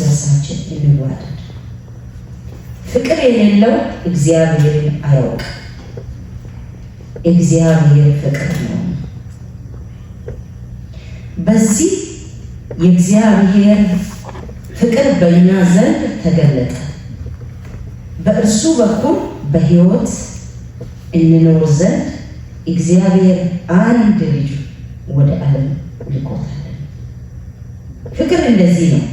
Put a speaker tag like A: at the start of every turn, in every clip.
A: በራሳችን እንዋደድ። ፍቅር የሌለው እግዚአብሔር አያውቅም። እግዚአብሔር ፍቅር ነው። በዚህ የእግዚአብሔር ፍቅር በእኛ ዘንድ ተገለጠ። በእርሱ በኩል በሕይወት እንኖር ዘንድ እግዚአብሔር አንድ ልጁ ወደ ዓለም ልኮታል። ፍቅር እንደዚህ ነው።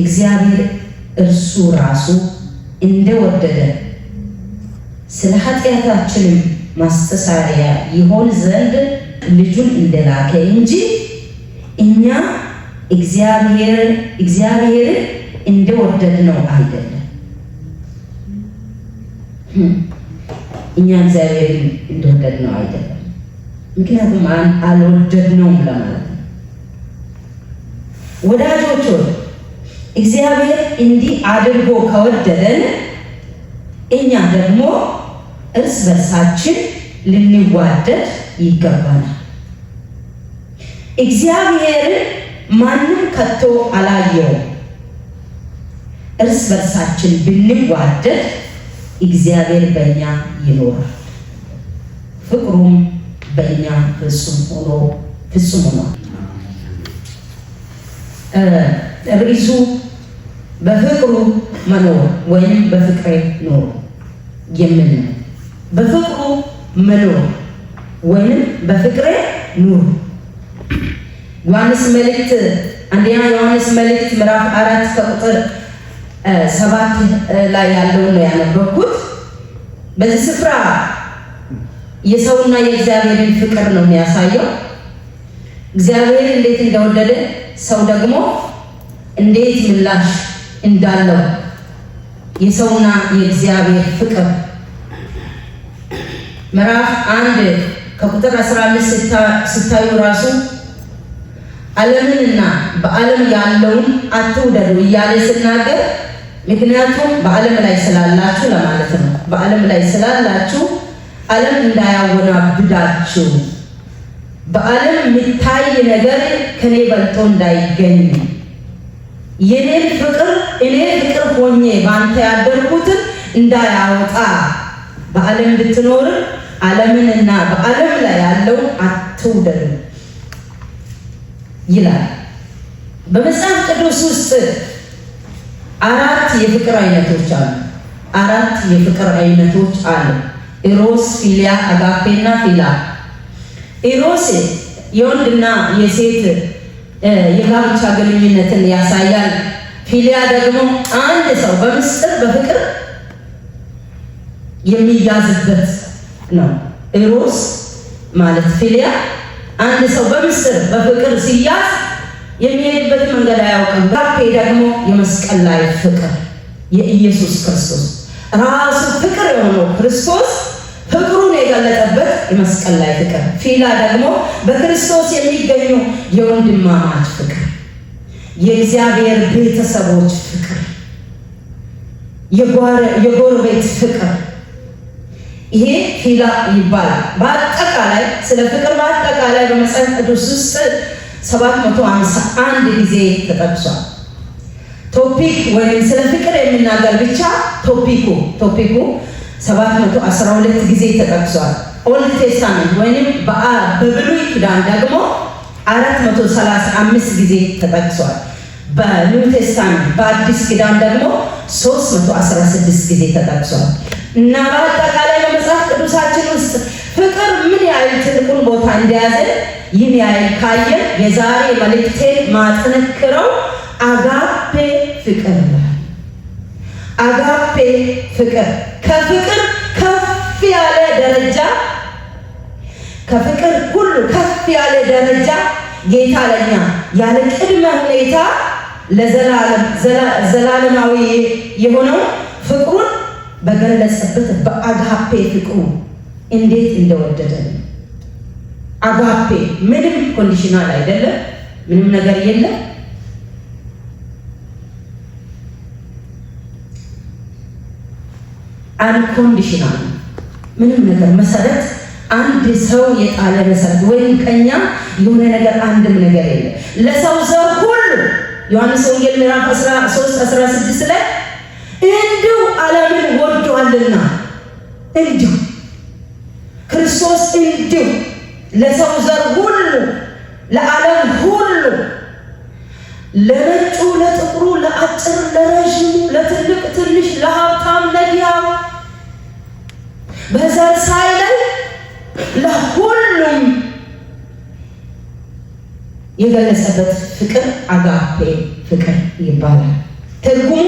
A: እግዚአብሔር እርሱ ራሱ እንደወደደ ስለ ኃጢአታችንም ማስተሳሪያ ይሆን ዘንድ ልጁን እንደላከ እንጂ እኛ እግዚአብሔርን እንደወደድ ነው አይደለም። እኛ እግዚአብሔርን እንደወደድ ነው አይደለም። ምክንያቱም አልወደድ ነውም ለማለት ነው። ወዳጆች እግዚአብሔር እንዲህ አድርጎ ከወደደን እኛ ደግሞ እርስ በርሳችን ልንዋደድ ይገባናል። እግዚአብሔር ማንም ከቶ አላየውም። እርስ በርሳችን ብንዋደድ እግዚአብሔር በእኛ ይኖራል፣ ፍቅሩም በእኛ ፍጹም ሆኖ ፍጹም ሆኗል። ርዕሱ በፍቅሩ መኖር ወይም በፍቅሬ ኖሩ የምን በፍቅሩ መኖር ወይም በፍቅሬ ኑሩ። ዮሐንስ መልእክት አንደኛ ዮሐንስ መልእክት ምዕራፍ አራት ከቁጥር ሰባት ላይ ያለውን ነው ያነበብኩት። በዚህ ስፍራ የሰውና የእግዚአብሔርን ፍቅር ነው የሚያሳየው። እግዚአብሔር እንዴት እንደወደደ ሰው ደግሞ እንዴት ምላሽ እንዳለው የሰውና የእግዚአብሔር ፍቅር ምዕራፍ አንድ ከቁጥር 15 ስታዩ ራሱ ዓለምንና በዓለም ያለውን አትውደዱ እያለ ስናገር ምክንያቱም በዓለም ላይ ስላላችሁ ለማለት ነው። በዓለም ላይ ስላላችሁ ዓለም እንዳያወናብዳችሁ፣ በዓለም የሚታይ ነገር ከኔ በልጦ እንዳይገኝ የኔን ፍቅር እኔ ፍቅር ሆኜ ባንተ ያደርኩትን እንዳያወጣ በዓለም ብትኖርም ዓለምንና በዓለም ላይ ያለው አትውደድ ይላል። በመጽሐፍ ቅዱስ ውስጥ አራት የፍቅር አይነቶች አሉ። አራት የፍቅር አይነቶች አሉ። ኢሮስ፣ ፊሊያ፣ አጋፔና ፊላ። ኢሮስ የወንድና የሴት የጋብቻ ግንኙነትን ያሳያል። ፊሊያ ደግሞ አንድ ሰው በምስጥር በፍቅር የሚያዝበት ነው። ኤሮስ ማለት ፊሊያ አንድ ሰው በምስጥር በፍቅር ሲያዝ የሚሄድበት መንገድ አያውቅም። ጋፔ ደግሞ የመስቀል ላይ ፍቅር የኢየሱስ ክርስቶስ ራሱ ፍቅር የሆነው ክርስቶስ ፍቅሩን የገለጠበት የመስቀል ላይ ፍቅር፣ ፊላ ደግሞ በክርስቶስ የሚገኙ የወንድማማች ፍቅር፣ የእግዚአብሔር ቤተሰቦች ፍቅር፣ የጎረቤት ፍቅር ይሄ ፊላ ይባላል። በአጠቃላይ ስለ ፍቅር በአጠቃላይ በመጽሐፍ ቅዱስ ውስጥ 751 ጊዜ ተጠቅሷል። ቶፒክ ወይም ስለ ፍቅር የምናገር ብቻ ቶፒኩ ቶፒኩ 12 ጊዜ ተጠቅሷል። ኦልድ ቴስታመንት ወይም በብሉይ ኪዳን ደግሞ 435 ጊዜ ተጠቅሷል። በኒው ቴስታመንት በአዲስ ኪዳን ደግሞ 316 ጊዜ ተጠቅሷል እና በአጠቃላይ በመጽሐፍ ቅዱሳችን ውስጥ ፍቅር ምን ያህል ትልቁን ቦታ እንደያዘ ይህን ያህል ካየ የዛሬ መልክቴ ማጠንክረው አጋፔ ፍቅር ነው። አጋፔ ፍቅር ከፍቅር ከፍ ያለ ደረጃ ከፍቅር ሁሉ ከፍ ያለ ደረጃ ጌታ ለኛ ያለ ቅድመ ሁኔታ ለዘላለማዊ ዘላለማዊ የሆነው ፍቅሩን በገለጸበት በአጋፔ ፍቅሩ እንዴት እንደወደደን አጋፔ ምንም ኮንዲሽናል አይደለም። ምንም ነገር የለም። አንኮንዲሽናል ምንም ነገር መሰረት አንድ ሰው የጣለ መሰረት ወይም ከኛ የሆነ ነገር አንድም ነገር የለም። ለሰው ዘር ሁሉ ዮሐንስ ወንጌል ምዕራፍ 13 16 ላይ እንዲሁ ዓለምን ወዶአልና እንዲሁ ክርስቶስ እንዲሁ ለሰው ዘር ሁሉ ለዓለም ሁሉ ለነጩ፣ ለጥቁሩ፣ ለአጭር፣ ለረዥሙ፣ ለትልቅ፣ ትንሽ፣ ለሀብታም፣ ለድሃው በዘር ሳይለይ ለሁሉም የገለጸበት ፍቅር አጋፔ ፍቅር ይባላል። ትርጉሙ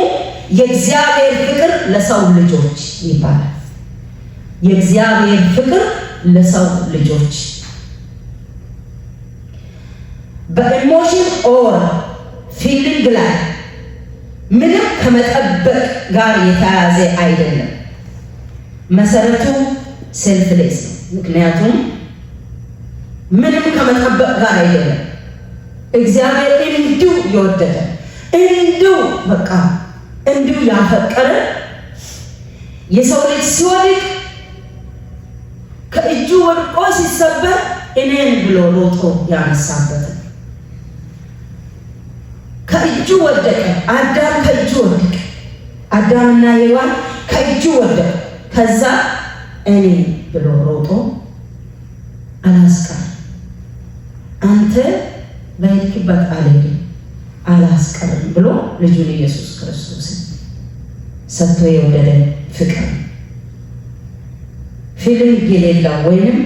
A: የእግዚአብሔር ፍቅር ለሰው ልጆች ይባላል። የእግዚአብሔር ፍቅር ለሰው ልጆች በኢሞሽን ኦር ፊሊንግ ላይ ምንም ከመጠበቅ ጋር የተያያዘ አይደለም። መሰረቱ ሴልፍሌስ ምክንያቱም ምንም ከመጠበቅ ጋር አይደለም። እግዚአብሔር እንዲሁ የወደደ እንዲሁ በቃ እንዲሁ ያፈቀረ የሰው ልጅ ሲወድቅ ከእጁ ወድቆ ሲሰበር እኔን ብሎ ሮጦ ያነሳበት ከእጁ ወደቀ። አዳም ከእጁ ወደቀ። አዳምና ሔዋን ከእጁ ወደቀ። ከዛ እኔ ብሎ ሮጦ አላስቀር አንተ በሄድክበት አልሄድም አላስቀርም ብሎ ልጁን ኢየሱስ ክርስቶስን ሰጥቶ የወደደ ፍቅር ፊልም የሌለው ወይንም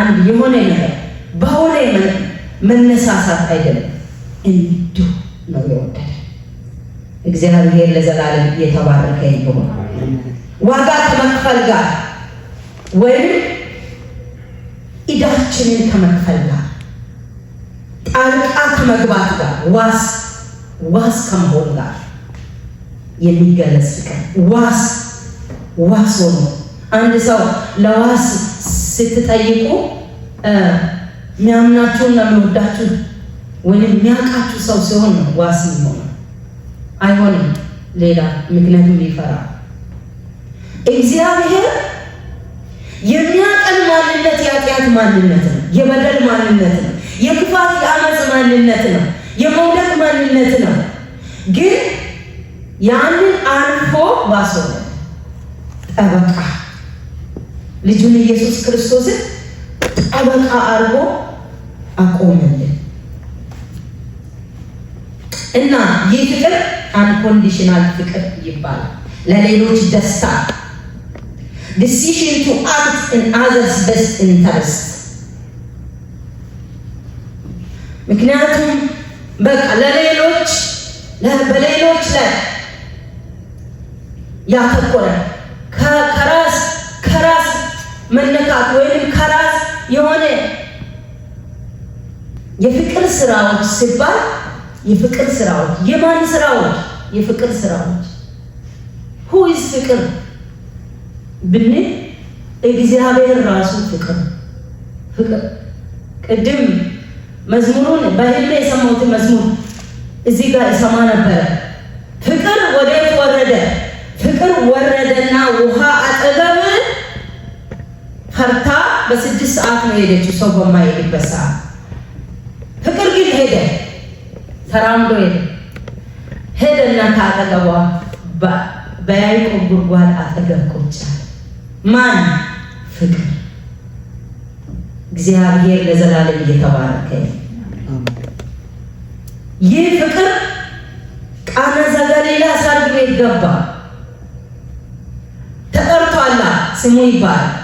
A: አንድ የሆነ ነገር በሆነ መነሳሳት አይደለም፣ እንዲሁ ነው የወደደ። እግዚአብሔር ለዘላለም እየተባረከ ይሆናል። ዋጋ ከመክፈል ጋር ወይም ኢዳችንን ከመክፈል ጋር ጣልቃ ከመግባት ጋር ዋስ ዋስ ከመሆን ጋር የሚገለጽ ፍቅር ዋስ ዋስ ሆኖ አንድ ሰው ለዋስ ስትጠይቁ የሚያምናችሁና የሚወዳችሁ ወይም የሚያውቃችሁ ሰው ሲሆን ነው ዋስ የሚሆነው። አይሆንም ሌላ ምክንያቱም ሊፈራ እግዚአብሔር የሚያቀል ማንነት የኃጢአት ማንነት ነው። የበደል ማንነት ነው። የክፋት የአመፅ ማንነት ነው። የመውደቅ ማንነት ነው። ግን ያንን አልፎ ባስወለ ጠበቃ ልጁን ኢየሱስ ክርስቶስን ጠበቃ አርጎ አቆመልን እና ይህ ፍቅር አንኮንዲሽናል ፍቅር ይባላል። ለሌሎች ደስታ decision to act in others best interest። ምክንያቱም በቃ ለሌሎች በሌሎች ላይ ያተኮረ ከራስ ከራስ መነካት ወይም ከራስ የሆነ የፍቅር ስራዎች ሲባል የፍቅር ስራዎች የማን ስራዎች? የፍቅር ስራዎች ሁይዝ ፍቅር ብንል እግዚአብሔር ራሱ ፍቅር ፍቅር ቅድም መዝሙሩን በህልሜ የሰማሁትን መዝሙር እዚህ ጋር እሰማ ነበረ። ፍቅር ወዴት ወረደ? ፍቅር ወረደና ውሃ አጠገብ ፈርታ በስድስት ሰዓት ነው የሄደችው ሰው በማይሄድበት ሰዓት። ፍቅር ግን ሄደ፣ ተራምዶ ሄደ። ሄደና ከአጠገቧ በያይቆብ ጉድጓድ አጠገብ ቁጭ ማን ፍቅር እግዚአብሔር ለዘላለም እየተባረከ ይህ ፍቅር ቃና ዘገሊላ ሰርግ ቤት ገባ። ተጠርቷላ ስሙ ይባላል።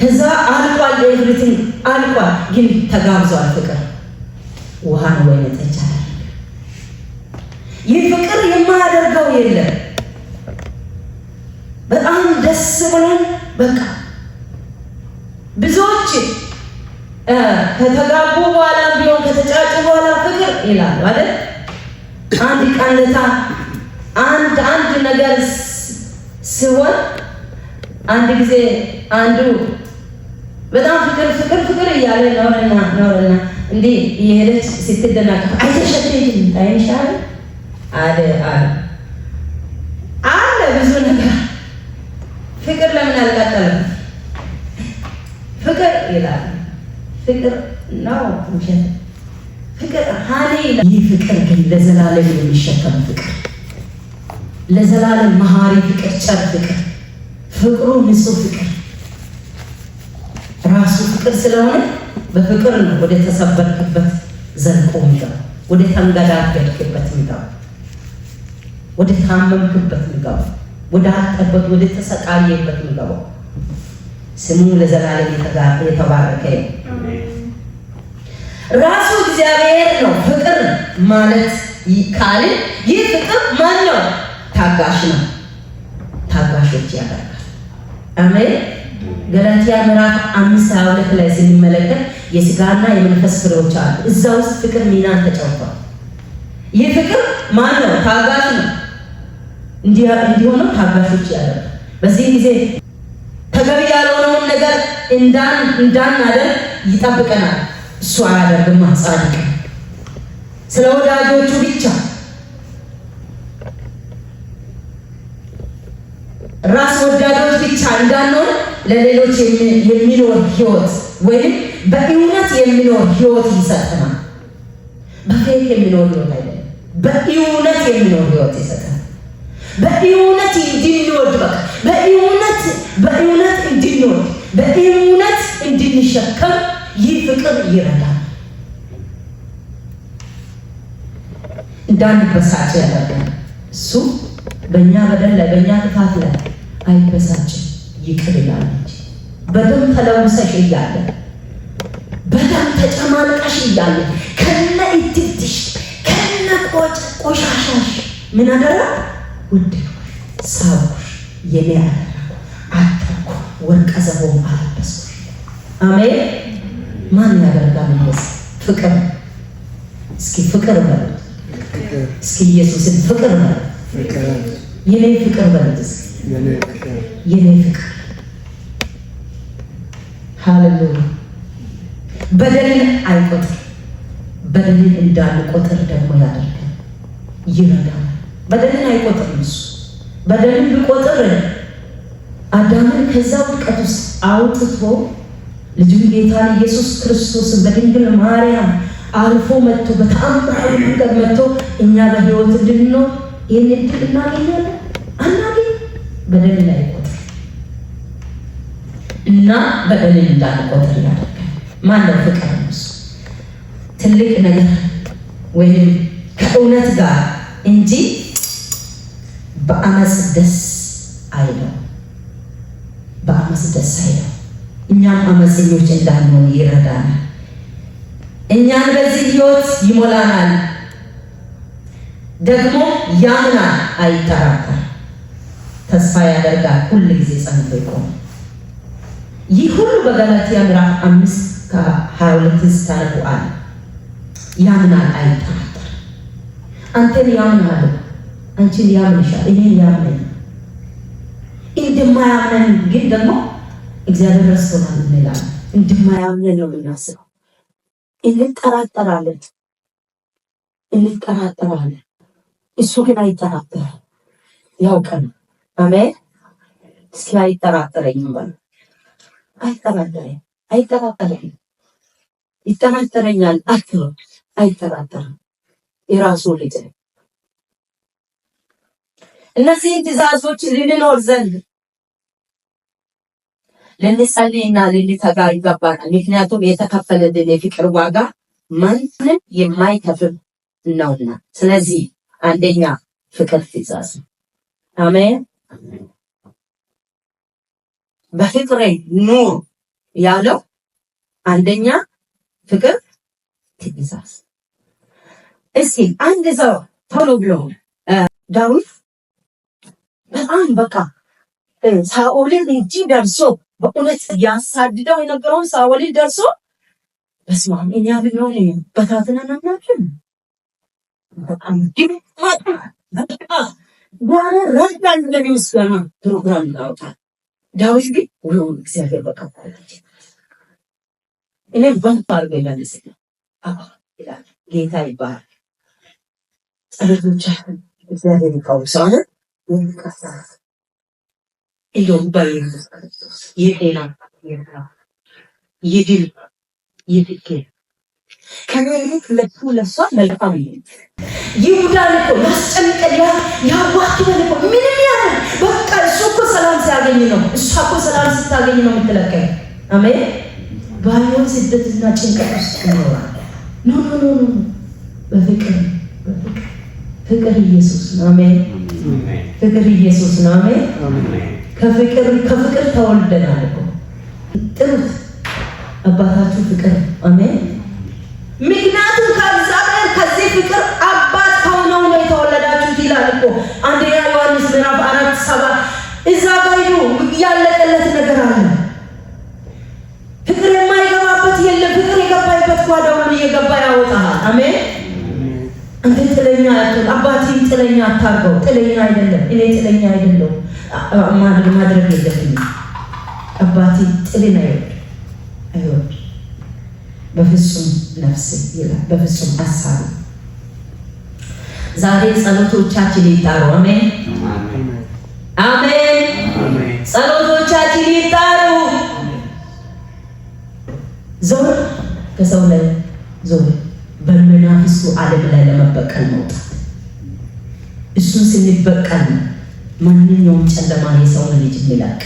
A: ከዛ አልቋል፣ ኤቭሪቲንግ አልቋል። ግን ተጋብዟል ፍቅር ውሃን ወይነተቻል ይህ ፍቅር የማያደርገው የለም። በጣም ደስ ብሎን በቃ ብዙዎች ከተጋቡ በኋላ ቢሆን ከተጫጩ በኋላ ፍቅር ይላሉ አይደል? አንድ ቀንታ አንድ አንድ ነገር ሲሆን አንድ ጊዜ አንዱ በጣም ፍቅር ፍቅር ፍቅር እያለ ኖረና ኖረና እንዴ የሄደች ስትደናቀፍ አይተሸትም አይሻል አለ አለ አለ ብዙ ፍቅር ለምን አልቀጠለም? ፍቅር ይላል ፍቅር ነው ውሸት ፍቅር ሀኔ ይላል። ይህ ፍቅር ግን ለዘላለም የሚሸከም ፍቅር፣ ለዘላለም መሀሪ ፍቅር፣ ጨር ፍቅር፣ ፍቅሩ ንጹህ ፍቅር ራሱ ፍቅር ስለሆነ በፍቅር ነው ወደ ተሰበርክበት ዘልቆ ሚገባ፣ ወደ ተንገዳገድክበት ሚገባ፣ ወደ ታመምክበት ሚገባ ወደ አጠበት ወደ ተሰቃየበት ምገባው። ስሙ ለዘላለም የተባረከ ነው። ራሱ እግዚአብሔር ነው። ፍቅር ማለት ካልን ይህ ፍቅር ማን ነው? ታጋሽ ነው። ታጋሾች ያደርጋል። አሜን። ገላትያ ምዕራፍ አምስት ሀያ ሁለት ላይ ስንመለከት የስጋና የመንፈስ ፍሬዎች አሉ። እዛ ውስጥ ፍቅር ሚናን ተጫውቷል። ይህ ፍቅር ማን ነው? ታጋሽ ነው። እንዲሆኑ ታጋሾች ያለ በዚህ ጊዜ ተገቢ ያልሆነውን ነገር እንዳን እንዳናደርግ ይጠብቀናል። እሱ አያደርግም ጻድቅ። ስለ ወዳጆቹ ብቻ ራስ ወዳጆች ብቻ እንዳንሆን ለሌሎች የሚኖር ህይወት ወይም በእውነት የሚኖር ህይወት ይሰጥናል። በፌክ የሚኖር ህይወት አይደለም፣ በእውነት የሚኖር ህይወት ይሰጠናል። በእውነት እንድንወድ በቃ በእውነት በእውነት እንድንወድ በእውነት እንድንሸከም ይህ ፍቅር ይረዳል። እንዳንበሳጭ ያደርጋል። እሱ በእኛ በደል ላይ በእኛ ጥፋት ላይ አይበሳጭም፣ ይቅር ይላል እንጂ በደም ተለውሰሽ እያለ በጣም ተጨማልቀሽ እያለ ከነ እትትሽ ከነ ቆሻሻሽ ምን አደረግ ውድ ሳብኩሽ የኔ አደረኩ አጠርኩ ወርቀ ዘቦ አለበስኩሽ። አሜን። ማን ያደርጋል ፍቅር? እስኪ ፍቅር እስኪ ኢየሱስን ፍቅር በለ የኔ ፍቅር በለ የኔ ፍቅር። ሃሌሉያ። በደልን አይቆጥር በደልን እንዳንቆጥር ደግሞ ያደርጋል ይረዳል። በደልን አይቆጥርም እሱ። በደልን ቢቆጥር አዳምን ከዛ ውድቀት ውስጥ አውጥቶ ልጁን ጌታን ኢየሱስ ክርስቶስን በድንግል ማርያም አልፎ መጥቶ በተአምራዊ መንገድ መጥቶ እኛ በህይወት እንድንኖር ይህን እድል እናገኛለን አናገኝ። በደልን አይቆጥር እና በደልን እንዳንቆጥር ያደርጋል። ማነው ፍቅር ነው ትልቅ ነገር ወይም ከእውነት ጋር እንጂ በአመፅ ደስ አይለው፣ በአመፅ ደስ አይለው። እኛም አመፀኞች እንዳንሆን ይረዳናል። እኛን በዚህ ህይወት ይሞላናል። ደግሞ ያምናል፣ አይጠራጠር፣ ተስፋ ያደርጋል፣ ሁል ጊዜ ጸንቶ ይቆም። ይህ ሁሉ በገላትያ ምዕራፍ አምስት ከሀያ ሁለት ስታነቡ አለ። ያምናል፣ አይጠራጠር። አንተን ያምናል አንቺን ያምንሻል፣ እኔን ያምነኝ። እንድማያምነን ግን ደግሞ እግዚአብሔር ረስቶናል እንላለን። እንደማያምነን ነው የምናስበው። እንጠራጠራለን፣ እንጠራጠራለን። እሱ ግን አይጠራጠርም፣ ያውቀን። አሜን። እስኪ አይጠራጠረኝም በሉ። አይጠራጠረኝም፣ አይጠራጠረኝም። ይጠራጠረኛል አትበል። አይጠራጠርም፣ የራሱ ልጅ ነው እነዚህን ትእዛዞች ልንኖር ዘንድ ልንጸልይና ልንተጋ ይገባናል። ምክንያቱም የተከፈለልን የፍቅር ዋጋ ማንም የማይከፍል ነውና። ስለዚህ አንደኛ ፍቅር ትእዛዝ። አሜን። በፍቅሬ ኑር ያለው አንደኛ ፍቅር ትእዛዝ። እስኪ አንድ ሰው ቶሎ ብሎ ዳዊት በጣም በቃ ሳኦልን እጅ ደርሶ በእውነት ያሳድደው የነገረውን ሳኦል ደርሶ በስመ አብ እኛ ቢሆን በታትነን አናውቅም። በጣም ድምጣጣ በቃ ዛሬ ረዳን ለሚስገና ፕሮግራም እናወጣል። ዳዊት ግን ውሎውን እግዚአብሔር በቃ እኔም በንፋ አርገ ይመልስ ጌታ ይባል ጸሎቶቻ እግዚአብሔር ይቃውሳለን nunca estás. እንደውም በኢየሱስ ክርስቶስ የጤና የስራ የድል የትኬት ከሚሉት ለሱ ለሷ መልካም ይሁዳን እኮ ያስጨንቀል ያዋክበን እኮ ምንም ያለ በቃ እሱ እኮ ሰላም ሲያገኝ ነው። እሷ እኮ ሰላም ስታገኝ ነው የምትለቀኝ። አሜን። ባይሆን ስደትና ጭንቀት ውስጥ ይኖራል። ኖ ኖ ኖ፣ በፍቅር በፍቅር ፍቅር ኢየሱስ ነው። አሜን ፍቅር ኢየሱስ ነው። አሜን። ከፍቅር ከፍቅር ተወልደናል እኮ ጥሩት አባታችሁ ፍቅር አሜን። ምክንያቱም ከእግዚአብሔር ከዚህ ፍቅር አባት ከሆነው ነው የተወለዳችሁት ይላል እኮ አንደኛ ዮሐንስ ምዕራፍ አራት ሰባ እዛ ባይሉ ያለቀለት ነገር አለ። ፍቅር የማይገባበት የለም። ፍቅር የገባበት ጓዳውን እየገባ ያወጣል። አሜን እንዴት ጥለኛ አትሆን? አባቴ ጥለኛ አታርገው። ጥለኛ አይደለም እኔ ጥለኛ አይደለም ማድረግ የለብኝ። አባቴ ጥልን አይወድ አይወድ በፍጹም ነፍስ ይላል፣ በፍጹም ሀሳብ። ዛሬ ጸሎቶቻችን ይጣሩ። አሜን አሜን። ጸሎቶቻችን ይጣሩ። ዞር ከሰው ላይ ዞር በመናፍስቱ ዓለም ላይ ለመበቀል መውጣት። እሱን ስንበቀል ማንኛውም ጨለማ የሰውን ልጅ የሚላቅ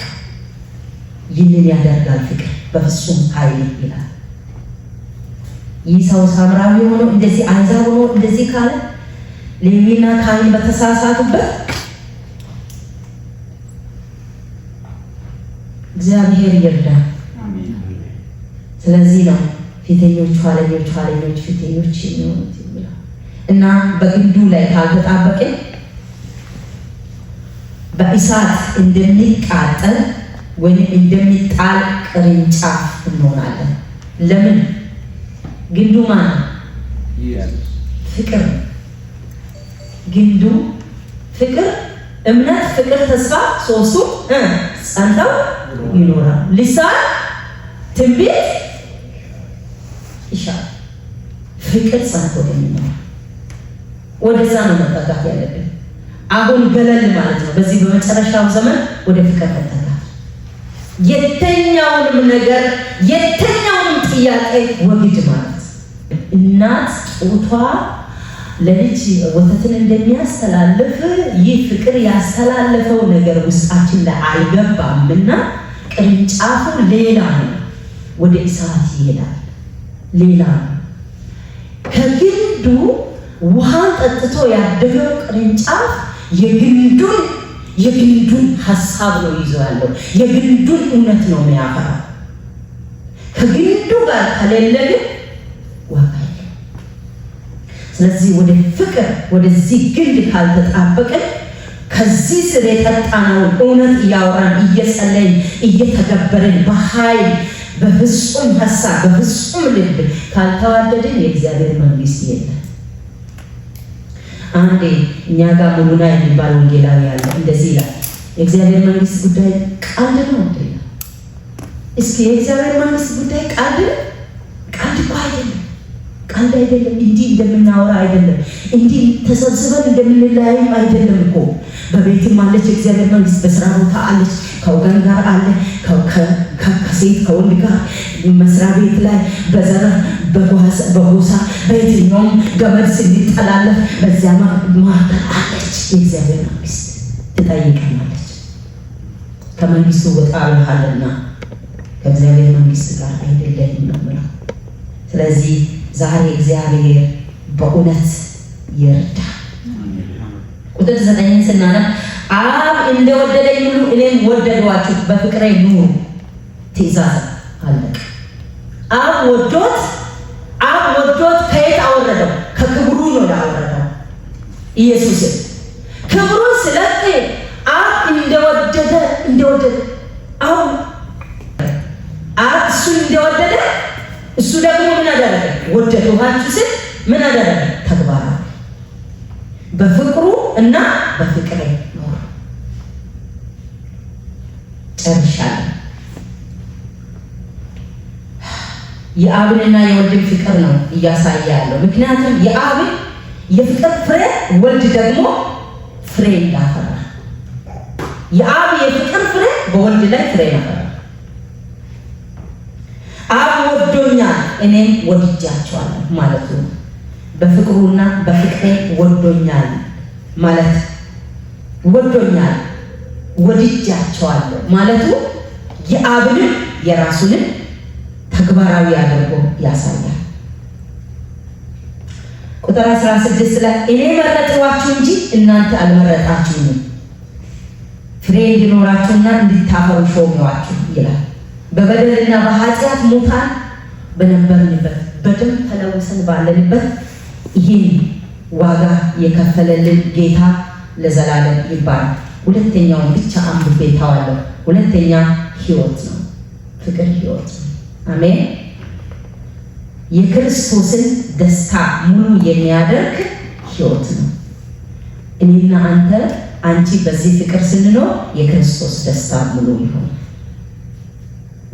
A: ይህንን ያደርጋል። ፍቅር በፍጹም ኃይል ይላል። ይህ ሰው ሳምራዊ ሆኖ እንደዚህ አይዛ ሆኖ እንደዚህ ካለ ሌሚና ካይን በተሳሳቱበት እግዚአብሔር ይርዳል። ስለዚህ ነው ፊተኞች ኋለኞች፣ ኋለኞች ፊተኞች የሚሆኑት የሚለው እና በግንዱ ላይ ካልተጣበቀ በእሳት እንደሚቃጠል ወይም እንደሚጣል ቅርንጫፍ እንሆናለን። ለምን ግንዱ ማን ፍቅር፣ ግንዱ ፍቅር፣ እምነት፣ ፍቅር፣ ተስፋ ሶስቱ ጸንተው ይኖራል። ልሳን ትንቢት ይሻል። ፍቅር ሳትወገኝ ይኖራል። ወደዛ ነው መጠጋት ያለብን። አሁን ገለል ማለት ነው። በዚህ በመጨረሻው ዘመን ወደ ፍቅር መጠጋት፣ የተኛውንም ነገር የተኛውንም ጥያቄ ወግድ ማለት እናት ጡቷ ለልጅ ወተትን እንደሚያስተላልፍ ይህ ፍቅር ያስተላለፈው ነገር ውስጣችን ላይ አይገባምና ቅርንጫፉ ሌላ ነው፣ ወደ እሳት ይሄዳል። ሌላ ነው። ከግንዱ ውሃን ጠጥቶ ያደገው ቅርንጫፍ የግንዱን የግንዱን ሀሳብ ነው ይዞ ያለው የግንዱን እውነት ነው የሚያፈራው። ከግንዱ ጋር ከሌለ ግን ዋጋ የለም። ስለዚህ ወደ ፍቅር ወደዚህ ግንድ ካልተጣበቅን ከዚህ ስር የጠጣነውን እውነት እያወራን እየጸለይን እየተገበርን በኃይል በፍጹም ሀሳብ በፍጹም ልብ ካልተዋደድን የእግዚአብሔር መንግስት የለም። አንዴ እኛ ጋር ሙሉና የሚባል ወንጌላዊ ያለ እንደዚህ ይላል፣ የእግዚአብሔር መንግስት ጉዳይ ቃል ነው እንደ እስኪ የእግዚአብሔር መንግስት ጉዳይ ቃል ቃል እኮ አይደለም። ቀልድ አይደለም። እንዲህ እንደምናወራ አይደለም። እንዲህ ተሰብስበን እንደምንለያይም አይደለም እኮ በቤትም አለች እግዚአብሔር መንግስት፣ በስራ ቦታ አለች፣ ከወገን ጋር አለ፣ ከሴት ከወንድ ጋር መስሪያ ቤት ላይ፣ በዘረ በጎሳ በየትኛውም ገመድ ስንጠላለፍ በዚያ ማዕከል አለች። የእግዚአብሔር መንግስት ትጠይቀናለች። ከመንግስቱ ወጣ ብለሃልና ከእግዚአብሔር መንግስት ጋር አይደለም ነው። ስለዚህ ዛሬ እግዚአብሔር በእውነት ይርዳ። ቁጥር ዘጠኝን ስናነብ አብ እንደወደደኝ ሁሉ እኔም ወደዷችሁ በፍቅሬ ኑሩ። ትእዛዝ አለቅ አብ ወዶት አብ ወዶት ከየት አወረደው? ከክብሩ ወደ አወረደው ኢየሱስን ክብሩ ስለት አብ እንደወደደ እንደወደደ አሁን አብ እሱ እንደወደደ እሱ ደግሞ ምን አደረገ? ወደድኋችሁ ስል ምን አደረገ? ተግባር በፍቅሩ እና በፍቅሬ ኖሩ። ጨርሻለሁ። የአብንና የወልድን ፍቅር ነው እያሳየ ያለው። ምክንያቱም የአብን የፍቅር ፍሬ ወልድ ደግሞ ፍሬ እንዳፈራ የአብ የፍቅር ፍሬ በወልድ ላይ ፍሬ ነበር። አብ ወዶኛል እኔም ወድጃቸዋለሁ ማለቱ በፍቅሩና በፍቅሬ ወዶኛል ማለት ወዶኛል ወድጃቸዋለሁ ማለቱ የአብንም የራሱንም ተግባራዊ አድርጎ ያሳያል። ቁጥር 16 ላይ እኔ መረጥኋችሁ እንጂ እናንተ አልመረጣችሁም ፍሬ እንዲኖራችሁና እንድታፈሩ ሾመዋችሁ ይላል። በበደልና በኃጢአት ሙታን በነበርንበት በደም ተለውሰን ባለንበት ይህን ዋጋ የከፈለልን ጌታ ለዘላለም ይባላል። ሁለተኛውን ብቻ አንብቤ ተዋለሁ። ሁለተኛ ህይወት ነው፣ ፍቅር ህይወት ነው። አሜን። የክርስቶስን ደስታ ሙሉ የሚያደርግ ህይወት ነው። እኔና አንተ አንቺ በዚህ ፍቅር ስንኖር የክርስቶስ ደስታ ሙሉ ይሆን።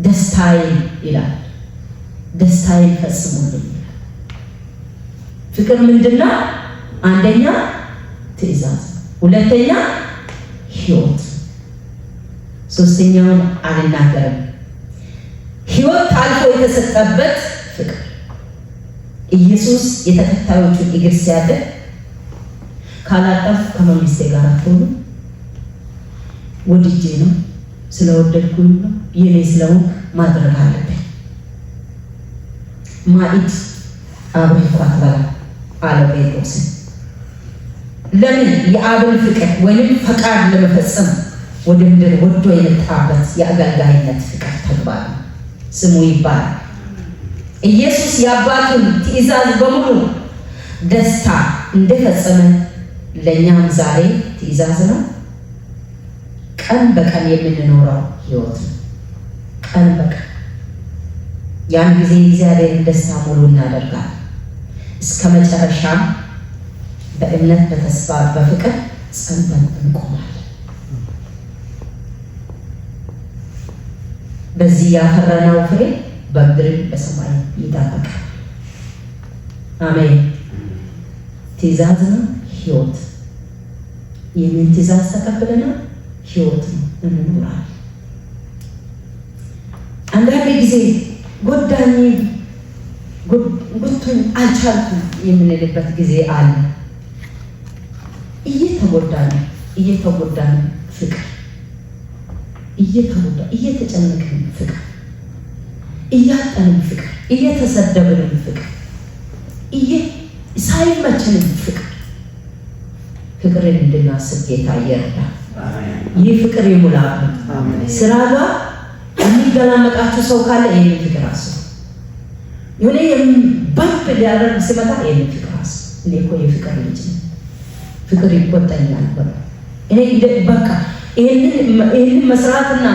A: ደስታዬ ይላል ደስታ ይፈጽሙልን። ፍቅር ምንድነው? አንደኛ ትዕዛዝ፣ ሁለተኛ ህይወት፣ ሶስተኛውን አልናገርም። ህይወት ታልፎ የተሰጠበት ፍቅር ኢየሱስ የተከታዮቹን እግር ሲያደር ካላጠፍ ከመንግስቴ ጋር አትሆኑ። ወድጄ ነው ስለወደድኩኝ ነው የኔ ስለሆንክ ማድረግ አለብን። ማዕድ አብልኮ አትበላ አለው ጴጥሮስ። ለምን? የአብን ፍቅር ወይም ፈቃድ ለመፈጸም ወደ ምድር ወዶ የመጣበት የአገልጋይነት ፍቅር ተግባር ነው። ስሙ ይባላል። ኢየሱስ የአባቱን ትእዛዝ በሙሉ ደስታ እንደፈጸመ ለእኛም ዛሬ ትእዛዝ ነው። ቀን በቀን የምንኖረው ህይወት ነው። ቀን በቀን ያን ጊዜ እግዚአብሔርን ደስታ ሙሉ እናደርጋል። እስከ መጨረሻም በእምነት በተስፋ በፍቅር ጸንተን እንቆማል። በዚህ ያፈራነው ፍሬ በምድር በሰማይ ይጠበቃል። አሜን። ትእዛዝ ነው ህይወት። ይህንን ትእዛዝ ተቀብለና ህይወት ነው እንኖራል። አንዳንድ ጊዜ ጎዳኝ፣ ጉቱን አልቻልኩም የምንልበት ጊዜ አለ። እየተጎዳ ነው እየተጎዳ ነው ፍቅር እየተጎዳ እየተጨነቅን ፍቅር እያጠንም ፍቅር እየተሰደብንም ፍቅር ሳይመችንም ፍቅር ፍቅርን እንድናስብ ጌታ ይህ ፍቅር ይሙላብን ስራ ጋር የሚገላመጣችሁ ሰው ካለ ይህን ፍቅር አስቡ። የሆነ የሚባብ ሊያደርግ ሲመጣ ይህን ፍቅር አስቡ። እኔ እኮ የፍቅር ልጅ ፍቅር ይቆጠኛል። በ እኔ በቃ ይህንን መስራትና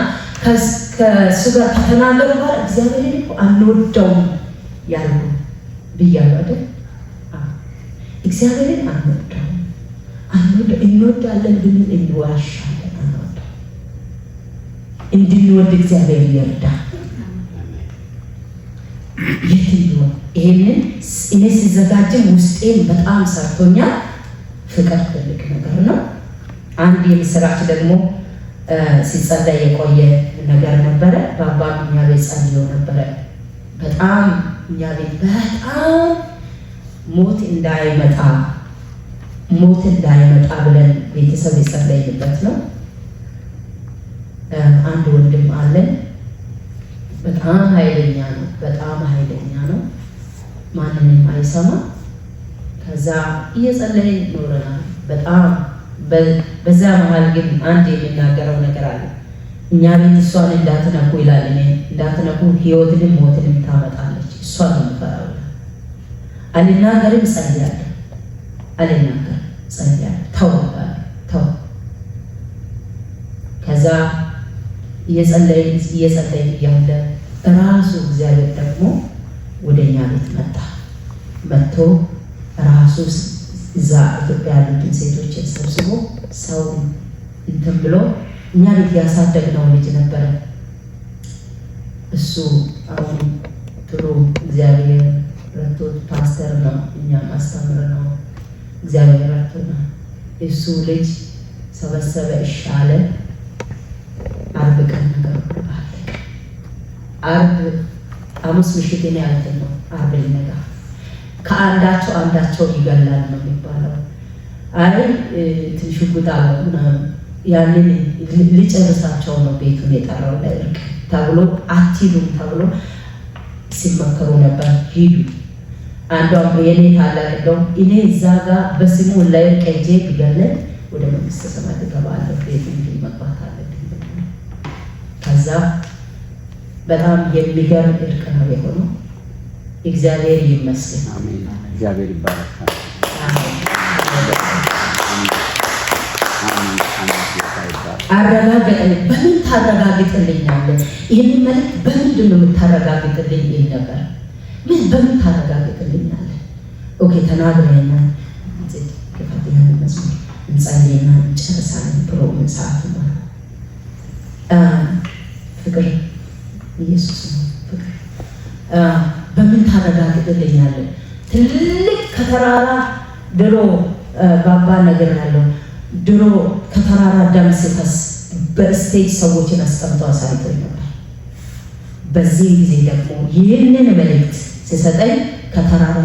A: ከእሱ ጋር ከተናገሩ በኋላ እግዚአብሔር እኮ አንወደውም ያሉ ብያለሁ እግዚአብሔርን አንወደውም አንወደ እንወዳለን ብንል እንዋሻል እንድንወድ እግዚአብሔር ይርዳል። የት ይሆን ይህንን እኔ ሲዘጋጅም ውስጤን በጣም ሰርቶኛል። ፍቅር ትልቅ ነገር ነው። አንድ የምስራች ደግሞ ሲጸለይ የቆየ ነገር ነበረ። በአባቱ እኛ ቤት ጸልዮ ነበረ። በጣም እኛ ቤት በጣም ሞት እንዳይመጣ ሞት እንዳይመጣ ብለን ቤተሰብ የጸለይበት ነው። አንድ ወንድም አለን። በጣም ኃይለኛ ነው። በጣም ኃይለኛ ነው። ማንንም አይሰማ። ከዛ እየጸለይን ኖረናል። በጣም በዛ መሀል ግን አንድ የሚናገረው ነገር አለ። እኛ ቤት እሷን እንዳትነኩ ይላል። እኔ እንዳትነኩ ህይወትንም ሞትንም ታመጣለች። እሷን የምፈራው አልናገርም፣ ጸልያለሁ። አልናገርም፣ ጸልያለሁ። ተው ተው። ከዛ እየጸለይን እየጸለይን እያለ ራሱ እግዚአብሔር ደግሞ ወደ እኛ ቤት መጣ። መጥቶ ራሱ እዛ ኢትዮጵያ ያሉትን ሴቶች ሰብስቦ ሰው እንትን ብሎ እኛ ቤት ያሳደግነው ልጅ ነበረ። እሱ አሁን ጥሩ እግዚአብሔር ረቶት ፓስተር ነው፣ እኛም አስተምር ነው እግዚአብሔር ረቶና የእሱ ልጅ ሰበሰበ እሻለ አርብ ቀን ነበር። አርብ ሐሙስ ምሽት የኔ ያለት ነው። አርብ ልነጋ ከአንዳቸው አንዳቸው ይገላል ነው የሚባለው። አይ ትንሽ ጉጣ ያንን ሊጨርሳቸው ነው ቤቱን የጠራው ለእርቅ ተብሎ አትሂዱም ተብሎ ሲመከሩ ነበር። ሂዱ አንዷም የኔ ታላለው እኔ እዛ ጋር በስሙ ለእርቅ እጄ ቢገለጥ ወደ መንግስተ ሰማያት ገባለሁ ቤቱ መግባት ከዛ በጣም የሚገርም እርቅ ነው የሆነው። እግዚአብሔር ይመስገን።
B: እግዚአብሔር ይባላል።
A: በምን ታረጋግጥልኛለህ? ይህንን መልክ በምንድን ነው የምታረጋግጥልኝ? ይህ ነበር። ምን በምን ታረጋግጥልኛለህ? ኦኬ ተናግረና ፋቲያን መዝሙር እንጸልይና ጨርሳለን ብሎ ሰዓት ነው ፍቅር ኢየሱስ ነው። ፍቅር በምን ታረጋግጥልኛለህ? ትልቅ ከተራራ ድሮ ባባ ነገር ያለው ድሮ ከተራራ ደም ሲፈስ በስቴጅ ሰዎችን አስቀምጦ አሳይቶ ነበር። በዚህ ጊዜ ደግሞ ይህንን መልእክት ሲሰጠኝ ከተራራ